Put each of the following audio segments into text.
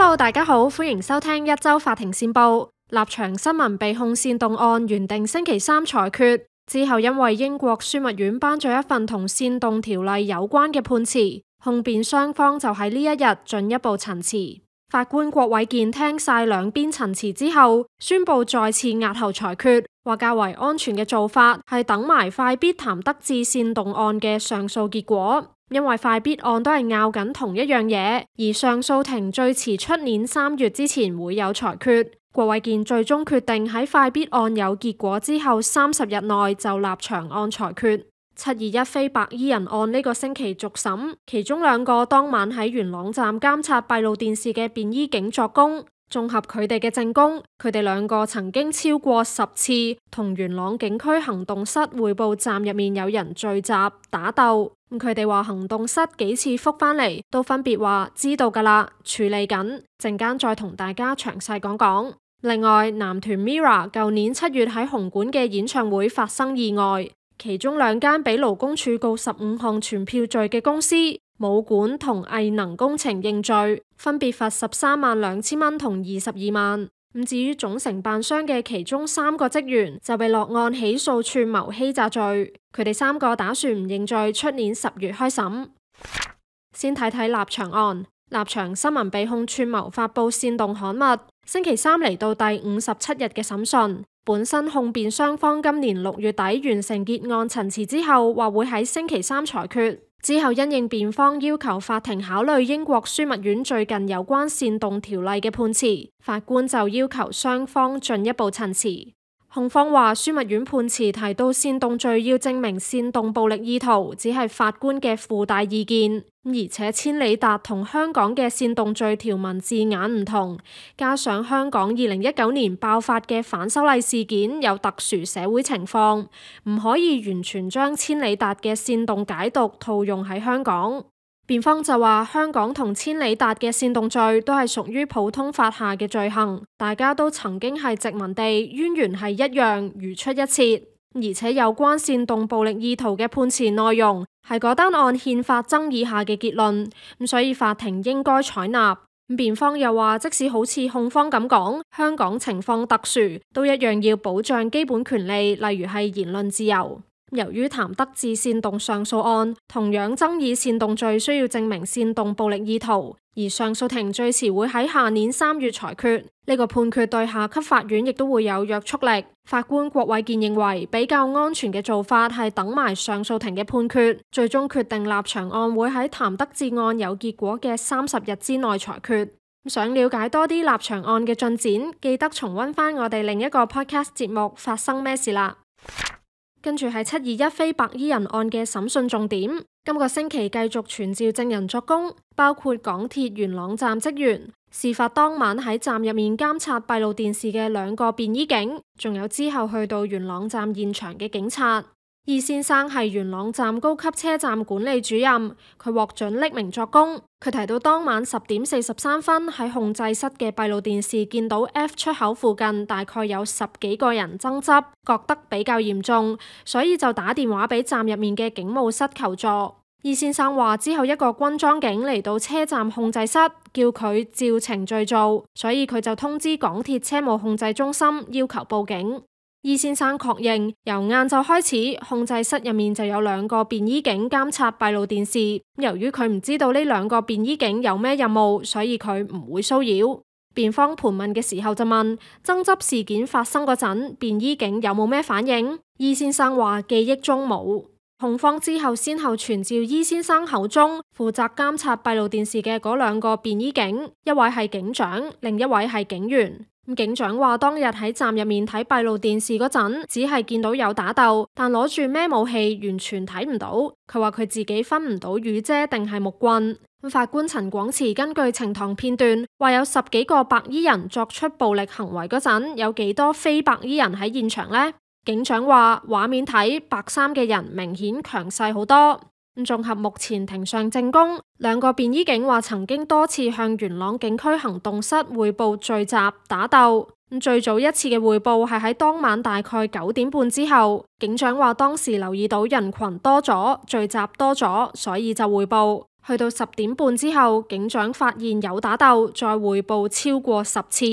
Hello 大家好，歡迎收聽一周法庭線報。立場新聞被控煽動案原定星期三裁決，之後因為英國樞密院頒咗一份同煽動條例有關嘅判詞，控辯雙方就喺呢一日進一步陳詞。法官郭偉健聽晒兩邊陳詞之後，宣布再次押後裁決，話較為安全嘅做法係等埋快必譚得志煽動案嘅上訴結果。因為快必案都係拗緊同一樣嘢，而上訴庭最遲出年三月之前會有裁決。郭偉健最終決定喺快必案有結果之後三十日內就立場案裁決。七二一非白衣人案呢個星期續審，其中兩個當晚喺元朗站監察閉路電視嘅便衣警作供。綜合佢哋嘅證供，佢哋兩個曾經超過十次同元朗警區行動室匯報站入面有人聚集打鬥。佢哋話行動室幾次覆翻嚟，都分別話知道㗎啦，處理緊。陣間再同大家詳細講講。另外，男團 MIRROR 舊年七月喺紅館嘅演唱會發生意外，其中兩間被勞工處告十五項傳票罪嘅公司。舞館同藝能工程認罪，分別罰十三萬兩千蚊同二十二萬。咁至於總承辦商嘅其中三個職員就被落案起訴串謀欺詐罪，佢哋三個打算唔認罪，出年十月開審。 先睇睇立場案，立場新聞被控串謀發布煽動刊物，星期三嚟到第五十七日嘅審訊。本身控辯雙方今年六月底完成結案陳詞之後，話會喺星期三裁決。之後，因應辯方要求法庭考慮英國樞密院最近有關煽動條例嘅判詞，法官就要求雙方進一步陳詞。控方話，樞密院判詞提到煽動罪要證明煽動暴力意圖，只係法官嘅附帶意見，而且千里達同香港嘅煽動罪條文字眼唔同，加上香港二零一九年爆發嘅反修例事件有特殊社會情況，唔可以完全將千里達嘅煽動解讀套用喺香港。辯方就話香港同千里達嘅煽動罪都係屬於普通法下嘅罪行，大家都曾經係殖民地，淵源係一樣，如出一轍。而且有關煽動暴力意圖嘅判詞內容係嗰單案憲法爭議下嘅結論，咁所以法庭應該採納。咁辯方又話，即使好似控方咁講，香港情況特殊，都一樣要保障基本權利，例如係言論自由。由於譚德志煽動上訴案同樣爭議煽動罪，需要證明煽動暴力意圖，而上訴庭最遲會喺下年三月裁決。呢個判決對下級法院亦都會有約束力。法官郭偉健認為，比較安全嘅做法係等埋上訴庭嘅判決，最終決定立場案會喺譚德志案有結果嘅三十日之內裁決。想了解多啲立場案嘅進展，記得重溫翻我哋另一個 podcast 節目《發生咩事》啦。跟住係七二一非白衣人案嘅審訊重點，今個星期繼續傳召證人作供，包括港鐵元朗站職員，事發當晚喺站入面監察閉路電視嘅兩個便衣警，仲有之後去到元朗站現場嘅警察。易先生係元朗站高級車站管理主任，佢獲准匿名作供。佢提到當晚十點四十三分喺控制室嘅閉路電視見到 F 出口附近大概有十幾個人爭執，覺得比較嚴重，所以就打電話俾站入面嘅警務室求助。二先生話之後一個軍裝警嚟到車站控制室，叫佢照程序做，所以佢就通知港鐵車務控制中心要求報警。伊、e、先生確認由晏晝開始，控制室入面就有兩個便衣警監察閉路電視。由於佢唔知道呢兩個便衣警有咩任務，所以佢唔會騷擾。辯方盤問嘅時候就問：爭執事件發生嗰陣，便衣警有冇咩反應？伊先生話記憶中冇。控方之後先後傳召伊先生口中負責監察閉路電視嘅嗰兩個便衣警，一位係警長，另一位係警員。咁警長話當日喺站入面睇閉路電視嗰陣，只係見到有打鬥，但攞住咩武器完全睇唔到。佢話佢自己分唔到雨遮定係木棍。法官陳廣慈根據呈堂片段話，有十幾個白衣人作出暴力行為嗰陣，有幾多非白衣人喺現場呢？警長話畫面睇白衫嘅人明顯強勢好多。綜合目前庭上證供，兩個便衣警話，曾經多次向元朗警區行動室匯報聚集打鬥。最早一次嘅匯報係喺當晚大概九點半之後，警長話當時留意到人群多咗，聚集多咗，所以就匯報。去到十點半之後，警長發現有打鬥，再匯報超過十次。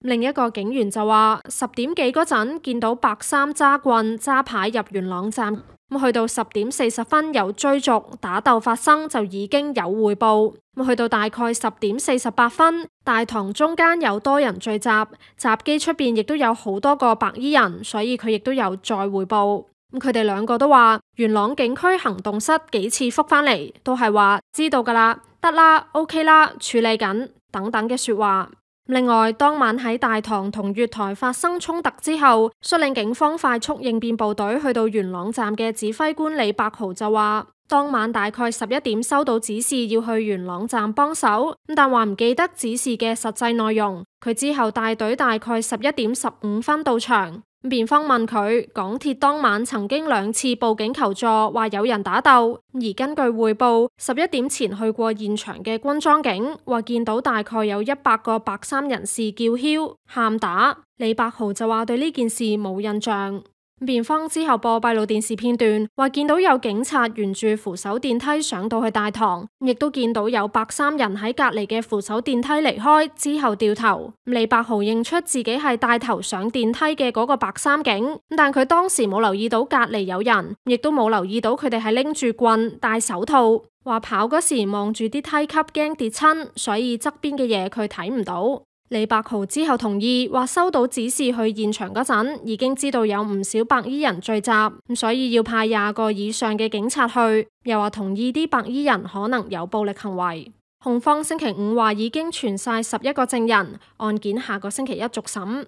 另一個警員就話，十點幾嗰陣見到白衫揸棍揸牌入元朗站。咁去到十點四十分，有追逐打鬥發生就已經有匯報。咁去到大概十點四十八分，大堂中間有多人聚集，閘機出邊亦都有好多個白衣人，所以佢亦都有再匯報。咁佢哋兩個都話元朗警區行動室幾次覆返嚟，都係話知道噶啦，得啦，OK 啦，處理緊等等嘅說話。另外，當晚喺大堂同月台發生衝突之後，率領警方快速應變部隊去到元朗站嘅指揮官李柏豪就話：當晚大概十一點收到指示要去元朗站幫手，但話唔記得指示嘅實際內容。佢之後帶隊大概十一點十五分到場。辯方問佢，港鐵當晚曾經兩次報警求助，話有人打鬥，而根據匯報，十一點前去過現場嘅軍裝警話見到大概有一百個白衫人士叫囂、喊打。李百豪就話對呢件事冇印象。辯方之後播閉路電視片段，話見到有警察沿住扶手電梯上到去大堂，亦都見到有白衫人喺隔籬嘅扶手電梯離開之後掉頭。李百豪認出自己係帶頭上電梯嘅嗰個白衫警，但佢當時冇留意到隔籬有人，亦都冇留意到佢哋係拎住棍、戴手套。話跑嗰時望住啲梯級驚跌親，所以側邊嘅嘢佢睇唔到。李百豪之後同意，話收到指示去現場嗰陣，已經知道有唔少白衣人聚集，咁所以要派廿個以上嘅警察去，又話同意啲白衣人可能有暴力行為。控方星期五話已經傳晒十一個證人，案件下個星期一續審。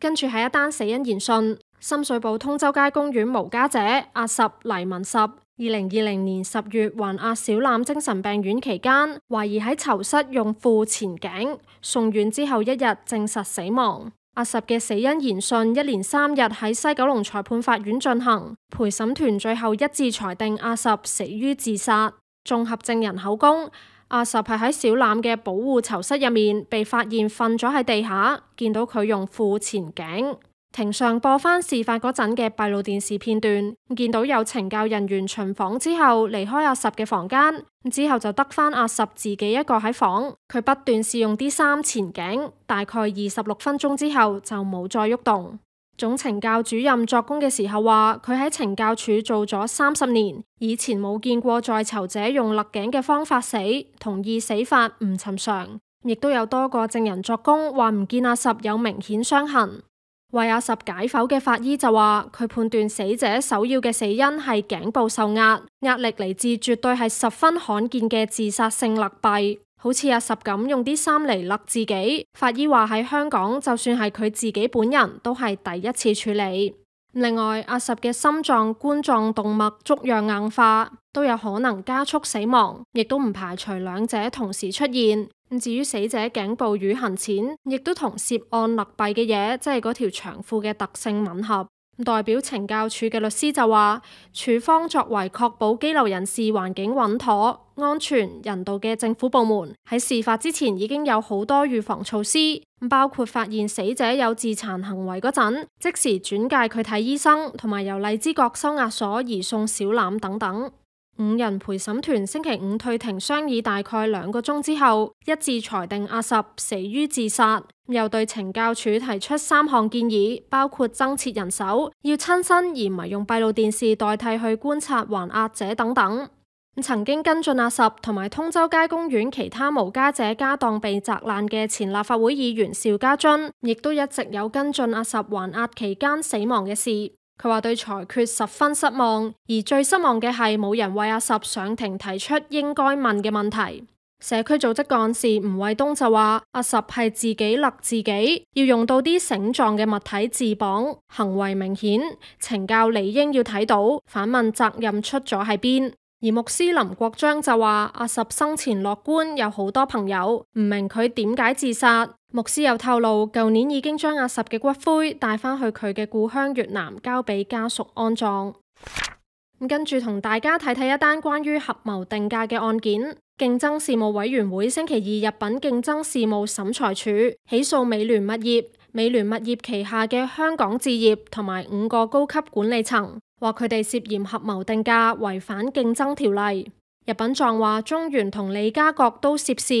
跟住係一單死因研訊，深水埗通州街公園無家者阿十黎民十。二零二零年十月，還押小欖精神病院期間，懷疑喺囚室用褲纏頸，送院之後一日證實死亡。阿十嘅死因研訊一連三日喺西九龍裁判法院進行，陪審團最後一致裁定阿十死於自殺。綜合證人口供，阿十係喺小欖嘅保護囚室入面被發現瞓咗喺地下，見到佢用褲纏頸。庭上播翻事發嗰陣嘅閉路電視片段，見到有懲教人員巡房之後離開阿十嘅房間，之後就得翻阿十自己一個喺房，佢不斷試用啲衫纏頸，大概二十六分鐘之後就冇再喐動。總懲教主任作供嘅時候話，佢喺懲教處做咗三十年，以前冇見過在囚者用勒頸嘅方法死，同意死法唔尋常。亦都有多個證人作供話，唔見阿十有明顯傷痕。為阿十解剖嘅法醫就話，佢判斷死者首要嘅死因係頸部受壓，壓力嚟自絕對係十分罕見嘅自殺性勒斃，好似阿十咁用啲衫嚟勒自己。法醫話喺香港，就算係佢自己本人都係第一次處理。另外，阿十嘅心臟冠狀動脈粥樣硬化都有可能加速死亡，亦都唔排除兩者同時出現。至於死者頸部淤痕淺，亦都同涉案勒斃嘅嘢，即係嗰條長褲嘅特性吻合。代表懲教署嘅律師就話，署方作為確保羈留人士環境穩妥、安全、人道嘅政府部門，喺事發之前已經有好多預防措施，包括發現死者有自殘行為嗰陣，即時轉介佢睇醫生，同埋由荔枝角收押所移送小欖等等。五人陪審團星期五退庭商議大概兩個鐘之後，一致裁定阿十死於自殺，又對懲教署提出三項建議，包括增設人手，要親身而唔係用閉路電視代替去觀察還押者等等。曾經跟進阿十同埋通州街公園其他無家者家當被砸爛嘅前立法會議員邵家臻，亦都一直有跟進阿十還押期間死亡嘅事。佢話對裁決十分失望，而最失望嘅係冇人為阿十上庭提出應該問嘅問題。社區組織幹事吳衛東就話：阿十係自己勒自己，要用到啲繩狀嘅物體自綁，行為明顯，懲教理應要睇到，反問責任出咗喺邊。而牧師林國章就話：阿十生前樂觀，有好多朋友，唔明佢點解自殺。牧師又透露，舊年已經將阿、啊、十嘅骨灰帶返去佢嘅故鄉越南，交俾家屬安葬。咁跟住同大家睇睇一單關於合謀定價嘅案件。競爭事務委員會星期二入禀競爭事務審裁處，起訴美聯物業、美聯物業旗下嘅香港置業同埋五個高級管理層，話佢哋涉嫌合謀定價，違反競爭條例。入稟狀話，中原同利嘉閣都涉事，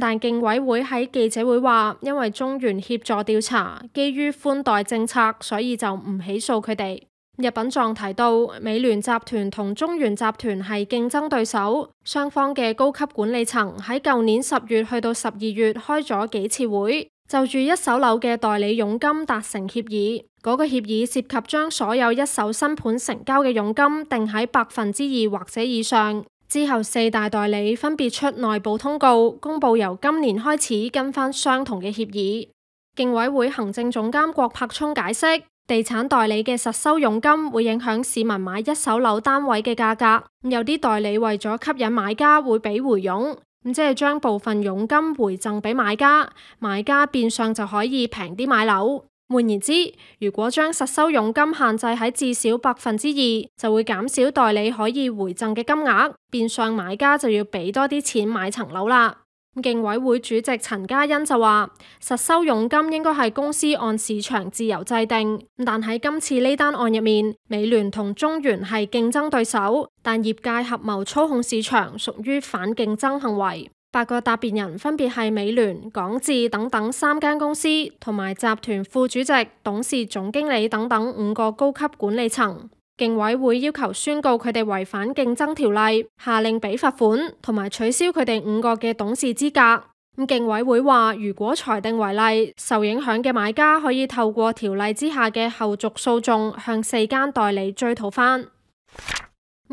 但競委會喺記者會話，因為中原協助調查，基於寬待政策，所以就唔起訴佢哋。入稟狀提到，美聯集團同中原集團係競爭對手，雙方嘅高級管理層喺舊年十月去到十二月開咗幾次會，就住一手樓嘅代理佣金達成協議。嗰個協議涉及將所有一手新盤成交嘅佣金定喺百分之二或者以上。之後四大代理分別出內部通告，公布由今年開始跟翻相同嘅協議。競委會行政總監郭柏聰解釋，地產代理嘅實收佣金會影響市民買一手樓單位嘅價格。有啲代理為咗吸引買家，會俾回佣，即係將部分佣金回贈俾買家，買家變相就可以平啲買樓。換言之，如果將實收佣金限制喺至少百分之二，就會減少代理可以回贈嘅金額，變相買家就要俾多啲錢買層樓啦。咁，競委會主席陳嘉欣就話，實收佣金應該係公司按市場自由制定，但喺今次呢單案入面，美聯同中原係競爭對手，但業界合謀操控市場屬於反競爭行為。八個答辯人分別係美聯、港置等等三間公司，同埋集團副主席、董事、總經理等等五個高級管理層。競委會要求宣告佢哋違反競爭條例，下令俾罰款，同埋取消佢哋五個嘅董事資格。咁競委會話，如果裁定為例，受影響嘅買家可以透過條例之下嘅後續訴訟，向四間代理追討翻。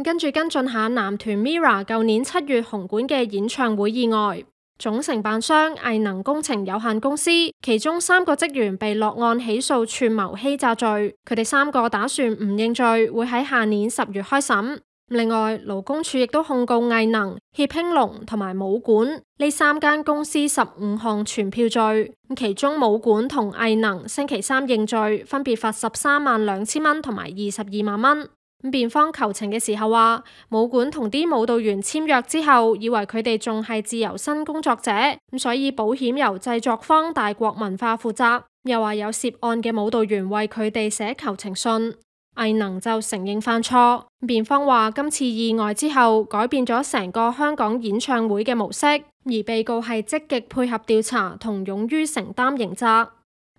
跟住跟進下男團 MIRROR 舊年七月紅館嘅演唱會意外，總承辦商藝能工程有限公司，其中三個職員被落案起訴串謀欺詐罪，佢哋三個打算唔認罪，會喺下年十月開審。另外勞工處亦都控告藝能、協興隆同埋舞館呢三間公司十五項傳票罪，其中舞館同藝能星期三認罪，分別罰十三萬兩千蚊同埋二十二萬蚊。辯方求情嘅時候話，舞館同啲舞蹈員簽約之後，以為佢哋仲係自由身工作者，咁所以保險由製作方大國文化負責。又話有涉案嘅舞蹈員為佢哋寫求情信。藝能就承認犯錯。辯方話今次意外之後，改變咗成個香港演唱會嘅模式，而被告係積極配合調查同勇於承擔刑責。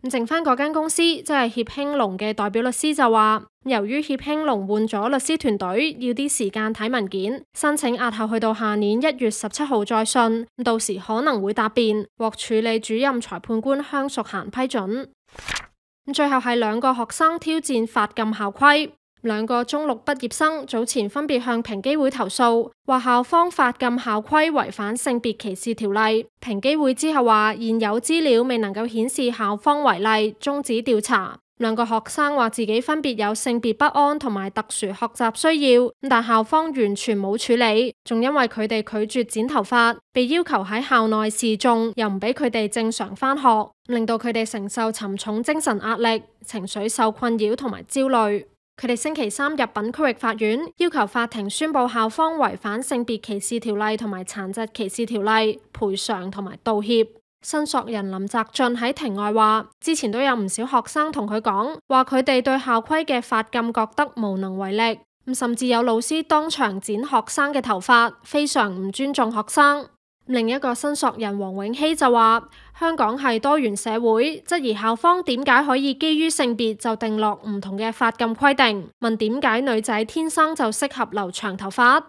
剩翻嗰間公司即係協興隆嘅代表律師就話，由於協興隆換咗律師團隊，要啲時間睇文件，申請押後去到下年一月十七號再訊，到時可能會答辯，獲處理主任裁判官香淑嫻批准。最後係兩個學生挑戰髮禁校規。兩個中六畢業生早前分別向平機會投訴，話校方髮禁校規違反性別歧視條例。平機會之後話，現有資料未能夠顯示校方違例，終止調查。兩個學生話自己分別有性別不安同埋特殊學習需要，但校方完全冇處理，仲因為佢哋拒絕剪頭髮，被要求喺校內示眾，又唔俾佢哋正常返學，令到佢哋承受沉重精神壓力、情緒受困擾同埋焦慮。佢哋星期三入稟區域法院，要求法庭宣佈校方違反性別歧視條例同埋殘疾歧視條例，賠償同埋道歉。申索人林澤俊喺庭外話，之前都有唔少學生同佢講話，佢哋對校規嘅髮禁覺得無能為力，甚至有老師當場剪學生嘅頭髮，非常唔尊重學生。另一個申索人王永熙就話：香港係多元社會，質疑校方點解可以基於性別就定落唔同嘅髮禁規定？問點解女仔天生就適合留長頭髮？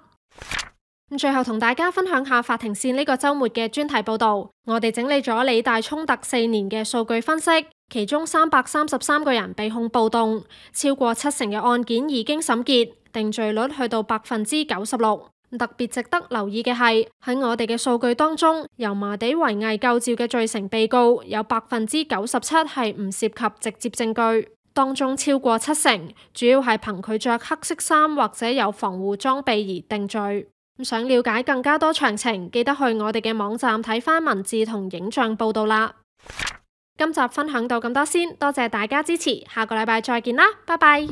最後同大家分享下法庭線呢個週末嘅專題報道，我哋整理咗理大衝突四年嘅數據分析，其中三百三十三個人被控暴動，超過七成嘅案件已經審結，定罪率去到百分之九十六。特別值得留意嘅係喺我哋嘅數據當中，油麻地圍魏救趙嘅罪成被告有百分之九十七係唔涉及直接證據，當中超過七成主要係憑佢着黑色衫或者有防護裝備而定罪。想了解更加多詳情，記得去我哋嘅網站睇翻文字同影像報道啦。今集分享到咁多先，多謝大家支持，下個禮拜再見啦，拜拜。